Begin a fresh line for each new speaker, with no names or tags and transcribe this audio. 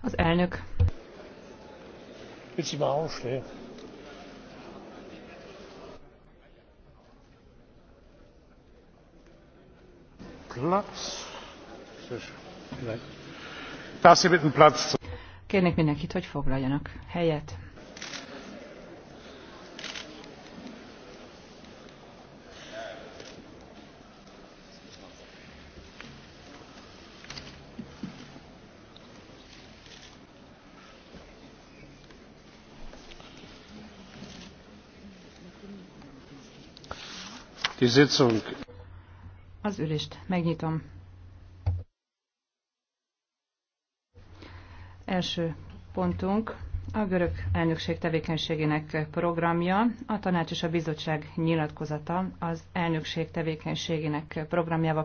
Az elnök. aufstehen?
Platz.
Kérnék mindenkit, hogy foglaljanak helyet.
Die Sitzung.
Az ülést megnyitom. Első pontunk a görög elnökség tevékenységének programja, a tanács és a bizottság nyilatkozata az elnökség tevékenységének programjával.